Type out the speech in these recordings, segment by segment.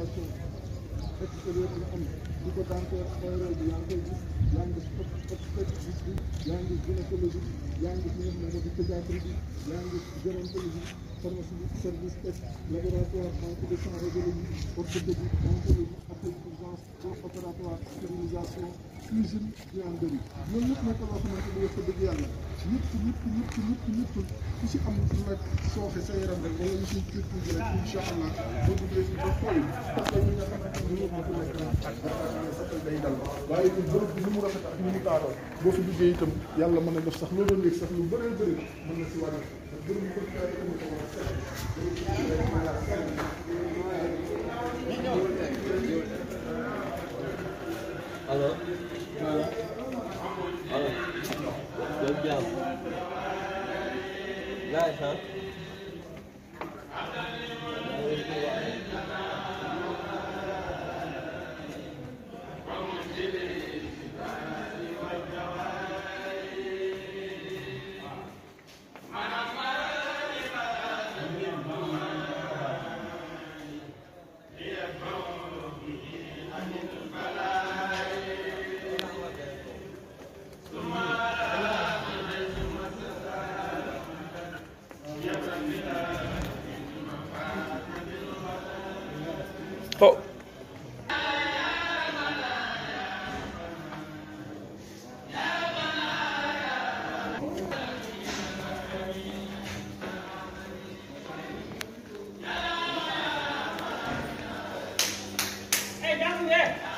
façon extérieur bi am di ko dentaire aérole bi yaa ngi koy gis yaa ngi gis obstétrique bi yaa ngi gis gynécologie yaa ngi gis li nga xam ne pédiatrie bi yaa ngi gis gérontologie pharmacie bi service tech laboratoire banque de sang radiologie orthopédie oncologie appel urgence post opératoire stérilisation les jeunes et en demi loolu lépp nekk loo xamante ni wax dëgg yàlla ñëpp ñëpp ñëpp ñëpp ñëpp ku si amul lu nag sooxe sa yaram rek wala ñu siy kii tuuti rek incha allah boo duggee fii ba xool parce que ñi nga xamante ni ñëpp ku nekk sa xel day dal waaye ñun bërëb bi ni mu rafet ak ni mu taaroo boo fi duggee itam yàlla mën na def sax loo doon léegi sax lu bëree bëri mën na si wàññi bërëb bu ko taay ko ko wax sax allo allo allo yow jàmm laaj sax Come here.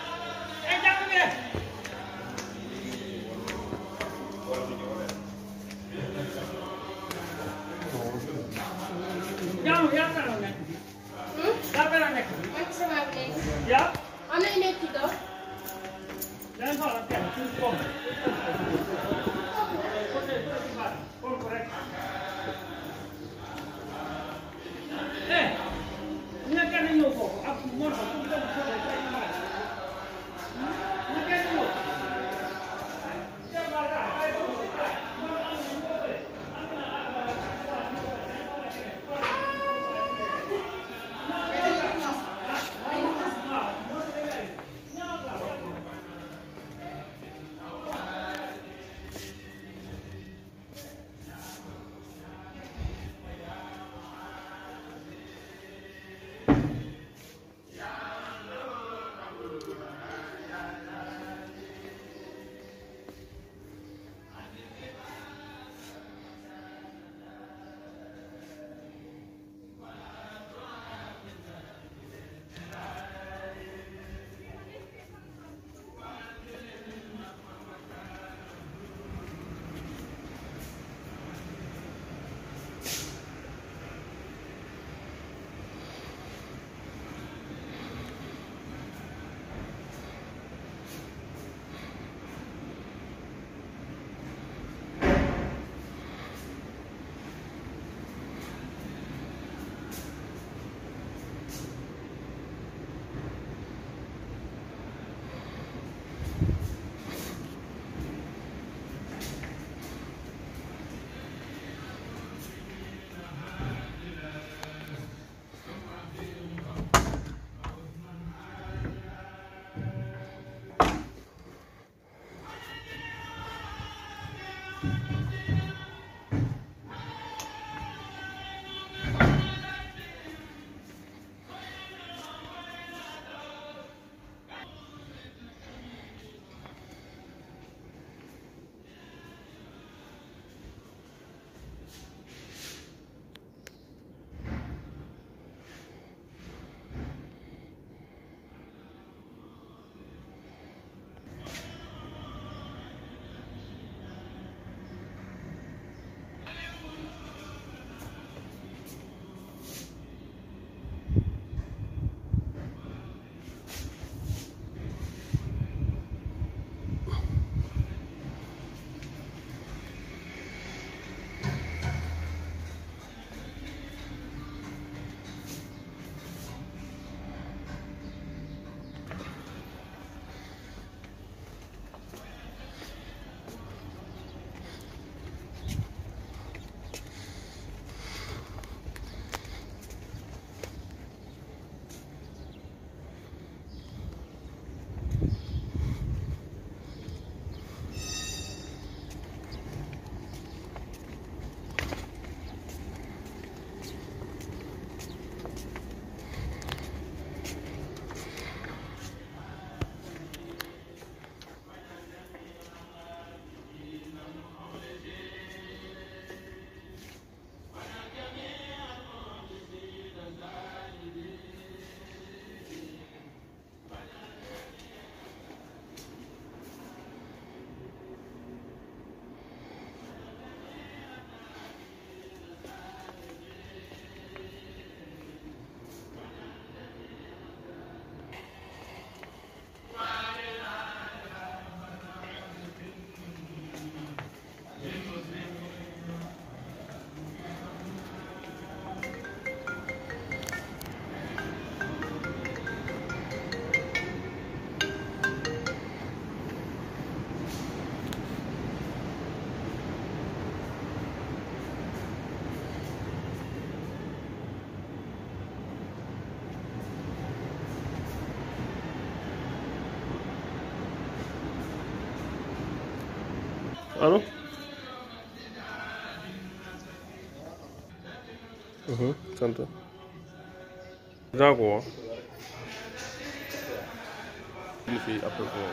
战争。大国。必须 approve。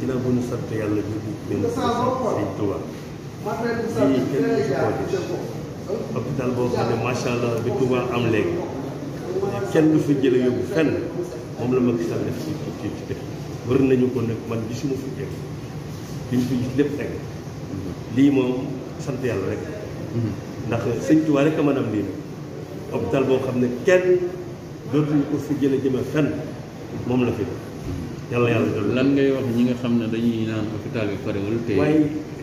ginnaaw bu ñu sant yàlla julli benn sëñ Tuubaa lii kenn du ko gis hôpital boo xam ne macha allah bi Tuubaa am léegi kenn du fi jële yóbbu fenn moom la Macky Sall def ci ci ci def wër nañu ko nag man gisuma fi teg liñ fi gis lépp teg lii moom sant yàlla rek ndax sëñ Tuubaa rek a mën am lii nag hôpital boo xam ne kenn dootuñu ko fi jële jëme fenn moom la fi def yàlla yàlla doon lan ngay wax ñi nga xam ne dañuy naan hôpital bi parewul te waaye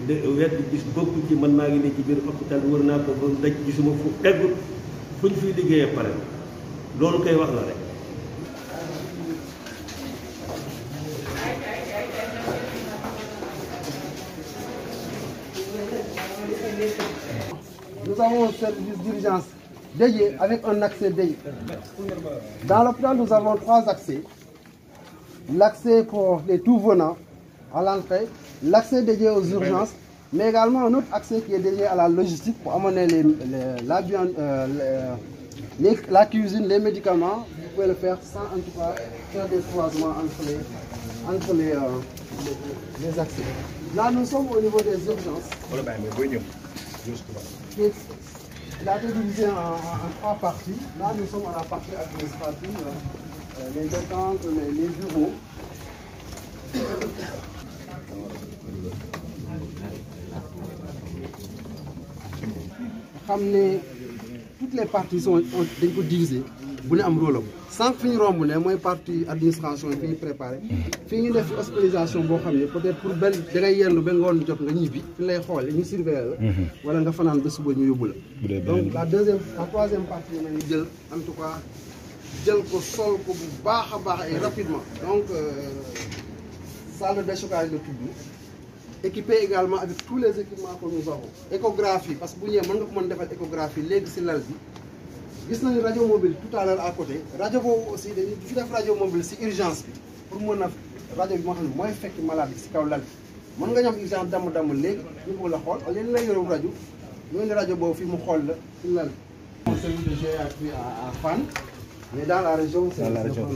de wedd gis bokku ci man maa ngi ne ci biir hôpital wër naa ko ba daj gisuma fu egg fu ñu fiy liggéeyee pare loolu koy wax la rek Nous avons un service d'urgence dédié avec un accès dédié. Dans l'hôpital, nous avons trois accès. l'accès pour les tout venants à l'entrée, l'accès dédié aux urgences, mais également un autre accès qui est dédié à la logistique pour amener les, les, la, euh, les, la, cuisine, les médicaments. Vous pouvez le faire sans en tout cas faire des croisements entre les, entre les, euh, accès. Là, nous sommes au niveau des urgences. a Là, nous sommes à la partie administrative. Euh, les détentes, xam ne toutes les parties sont dañ ko diviser bu ne am rôle am sànq fi ñu romb ne mooy partie administration yi fi ñu préparé fii ñu def hospitalisation boo xam ne peut-être pour benn da ngay yendu ba ngoon jot nga ñibbi fi lay xool ñu surveiller la mhm. wala nga fanaan ba suba ñu yóbbu la donc la deuxième la troisième partie nañu jël en tout cas jël ko sol ko bu baax a baax et rapidement donc euh, salle de déchocage la tudd équipé également avec tous les équipements que nous avons échographie parce que bu ñëwee mën nga ko mën defal échographie léegi si lal bi gis nañu rajo mobile tout à l'heure à côté rajo boobu aussi dañuy def rajo mobile si urgence bi pour mën a rajo bi moo xam ne mooy fekk malade bi si kaw lal mën nga ñam urgence damm-damm léegi ñu bëgg la xool au lieu la yorobu rajo ñooy rajo boobu fii mu xool la si lal Mais dans la région, c'est la région.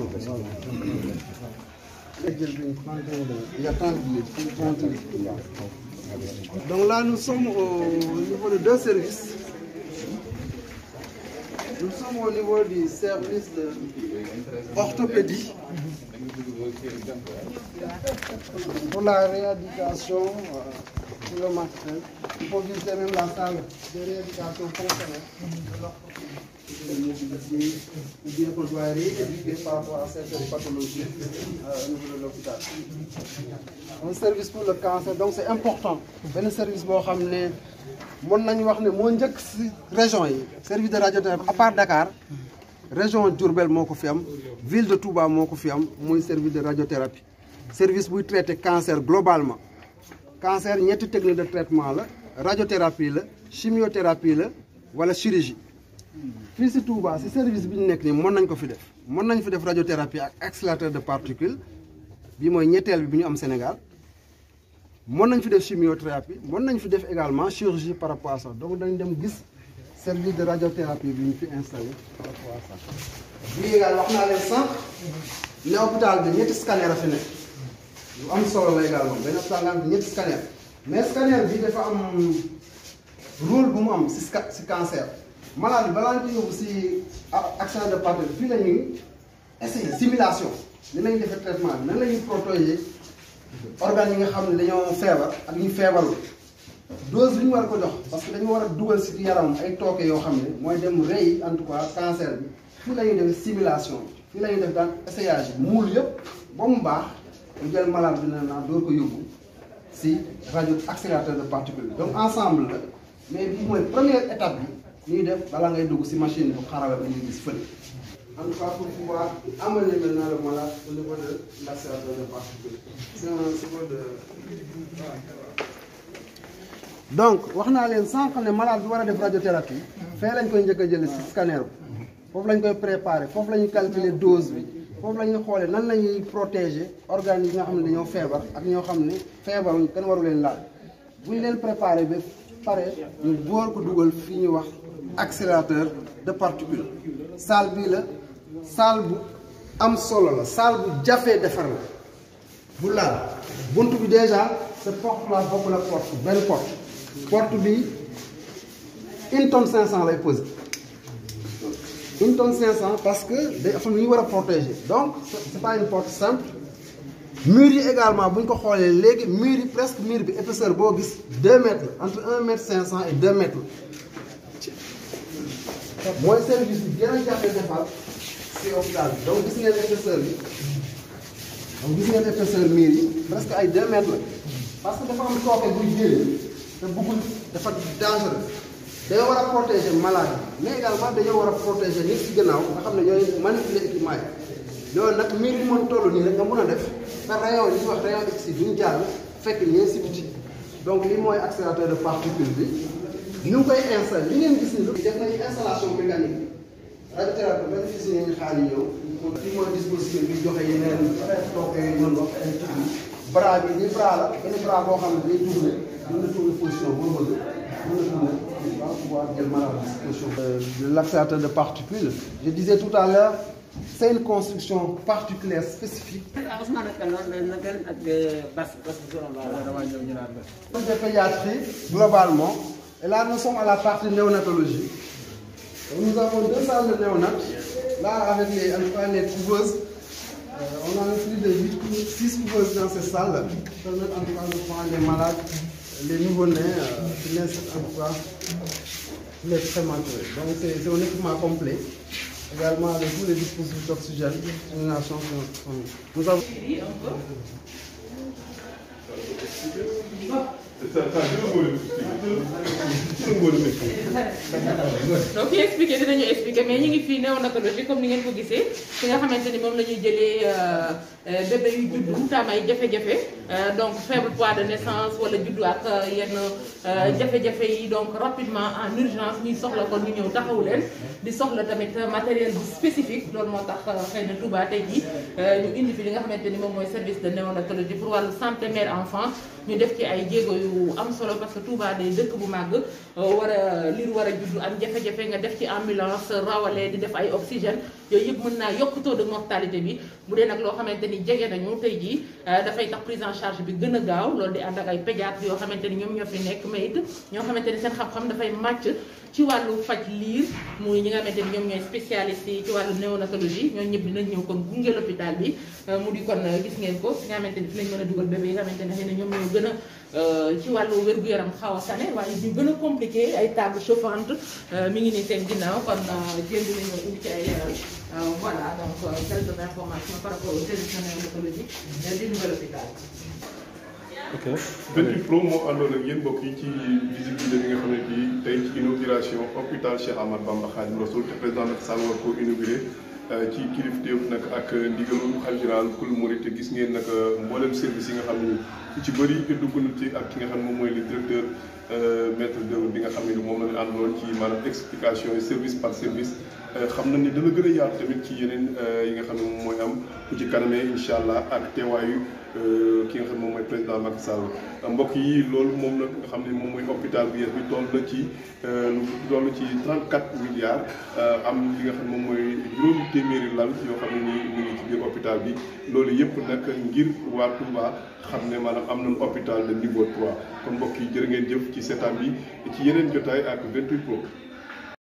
Il y a 30 minutes. Donc là, nous sommes au niveau de deux services. Nous sommes au niveau du service d'orthopédie. Uh, pour la rééducation, pour le matin, il faut visiter même la salle de rééducation fonctionnelle de service pour le cancer, donc c'est important. benn service boo xam ne mën nañu wax ne moo njëkk si région yi service de radiothérapie à part Dakar. région Diourbel moo ko fi am ville de Touba moo ko fi am muy service de radiothérapie service buy traité cancer globalement cancer ñetti technique de traitement la radiothérapie la chimiothérapie la wala chirurgie fii si Touba si service bi ñu nekk nii mën nañ ko fi def mën nañ fi def radiothérapie ak accélérateur de particule bi mooy ñetteel bi bi ñu am Sénégal mën nañ fi def chimiothérapie mën nañ fi def également chirurgie par rapport à ça donc dañ dem gis service de radiothérapie bi ñu fi installé par wax naa leen sànq. ne hôpital bi ñetti scanner a fi nekk. am solo la également benn scanner bi ñetti scanner. mais scanner bi dafa am rôle bu mu am si si cancer. malade bi balaa ñu yóbbu si accident de partenaire fii la ñuy essayer simulation. ni defee traitement nan la ñuy protéger yi nga xam ne dañoo feebar ak ñu feebarul. dose bi ñu war a ko dox parce que dañu war a dugal si yaram ay tooke yoo xam ne mooy dem rey en tout cas cancer bi fii la ñuy def simulation fii la ñuy def daal essayage bi muul yëpp ba mu baax ñu jël malade bi na door ko yóbbu si rajo accélérateur de particules donc ensemble la mais bi mooy première étape bi ñuy def balaa ngay dugg si machine bu xarawe ba ñu gis fële en tout cas pour pouvoir amener maintenant le donc wax naa leen sànq ne malade bi war a def radiothérapie fee lañ koy njëkk a jëlee si scanner foofu lañ koy préparer foofu la ñuy calculer dose bi foofu la ñuy xoolee nan la ñuy protéger organes yi nga xam ne dañoo feebar ak ñoo xam ne feebaruñ kenn waru leen laal bu ñu leen préparer ba pare ñu boor ko dugal fi ñuy wax accélérateur de particules salle bii la salle bu am solo la salle bu jafee defar la bu laal bunt bi déjà sa porte la bokk la porte benn porte porte bi une cinq cent lay posé une cinq cent parce que day am lu ñu war a protéger donc c'est pas une porte simple mur yi également bu ñu ko xoolee léegi mur yi presque mur bi épaisseur boo gis deux mètres entre un mètre cinq cent et deux mètres mooy service bi gën a jàppe defal si hôpital bi donc gis ngeen épaisseur bi donc gis ngeen épaisseur mur yi presque ay deux mètres la parce que dafa am tooke buy jëlee te bëggul dafa dangereux dañoo war a protéger malade yi mais également dañoo war a protéger nit ci gannaaw nga xam ne ñooy manipuler équipement yi loolu nag mbir mi mën toll nii rek nga mën a def te rayon li ñuy wax rayon x duñ jàll fekk ñee si biti donc li mooy accélérateur de particule bi ñu koy installé li ngeen gis ni def nañu installation mécanique radiothérapie benn gis nañu xaalis yow. li mooy dispositif bi joxe yeneen toog yooyu mën wax ay bras bi bii bras la benn bras boo ne day tourné position boo bëgg de particules je disais tout à l'heure c'est une construction particulière spécifique. de pédiatrie globalement et là nous sommes à la partie néonatologie nous avons deux salles de néonat là avec les en les couveuses on en a plus de huit six couveuses dans cette salle qui permettent en tout cas de prendre les malades, les nouveau-nés qui naissent en tout cas, les prématurés. Donc c'est un équipement complet. Également avec tous les dispositifs d'oxygène, nous avons Nous avons. donc ki expliqué dinañu expliqué mais ñu ngi fii néonatologie comme ni ngeen ko gisee fi nga xamante ni moom la ñuy jëlee euh, euh, bébé yu juddu tam ay jafe-jafe euh, donc faible poids de naissance wala juddu ak yenn jafe-jafe yi donc rapidement en urgence ñuy soxla kon ñu ñëw taxawu leen di soxla tamit matériel bu spécifique loolu moo tax xëy na Touba tey jii ñu indi fi li nga xamante ni moom mooy service de néonatologie pour wàllu santé mère enfant ñu def ci ay jéego yu am solo parce que Touba day dëkk bu màgg euh, war a liir war a juddu am jafe-jafe nga def ci ambulance rawale di def ay oxygène yooyu yëpp mën naa yokkutoo taux de mortalité bi bu dee nag loo xamante ni jege nañu tey jii euh, dafay tax prise en charge bi gën a gaaw loolu di ànd ak ay pédiatre yoo xamante ni ñoom ñoo fi nekk mais it ñoo xamante ni seen xam-xam dafay màcc ci wàllu faj liir muy ñi nga xamante ni ñoom ñooy spécialiste ci wàllu néonatologie ñoo ñëpp dinañ ñëw kon gunge l'hôpital bi euh, mu di kon euh, gis ngeen ko nga xamante ni dinañ mën a dugal bébé yi nga xamante ne xëy na ñoom ñoo gën a euh, ci wàllu wér-gu-yaram xaw a sane waaye ñu gën a compliqué ay table chauffante mi ngi nii seen ginnaaw kon jéem dinañoo indi ci ay leeral voilà donc quelques informations par rapport au service de néonatologie du nouvel hôpital ok Béthio Pro moo àndoon ak yéen yi ci visite bi nga xam ne bii tey ci inauguration hôpital Cheikh Ahmad Bamba Khadim Rasoul te président Macky Sall war koo euh, ci ak ndigalu xalifa général kul murit te gis ngeen nag euh, mbooleel service yi nga xam ne ci bëri dugg na ci ak ki nga xam ne moom mooy li directeur euh, maître d'œuvre bi nga xam ne moom la ñu àndoon ci maanaam explication yi service par service. xam na ni dana gën a yaatu tamit ci yeneen yi nga xam ne moom mooy am ku ci kanamee allah ak teewaayu. Euh, ki nga xam moom mooy président Macky Sall mbokk yi loolu moom la nga xam ne moom mooy hôpital bu yees bi toll na ci euh, lu toll ci 34 euh, am li nga xam moom mooy juróomi téeméeri lal yoo xam ne nii mu ngi hôpital bi loolu yëpp nag ngir waa Touba xam ne maanaam am nañu hôpital de niveau 3 kon mbokk yi jër ngeen jëf ci seetaan bi ci yeneen jotaay ak 28 pro.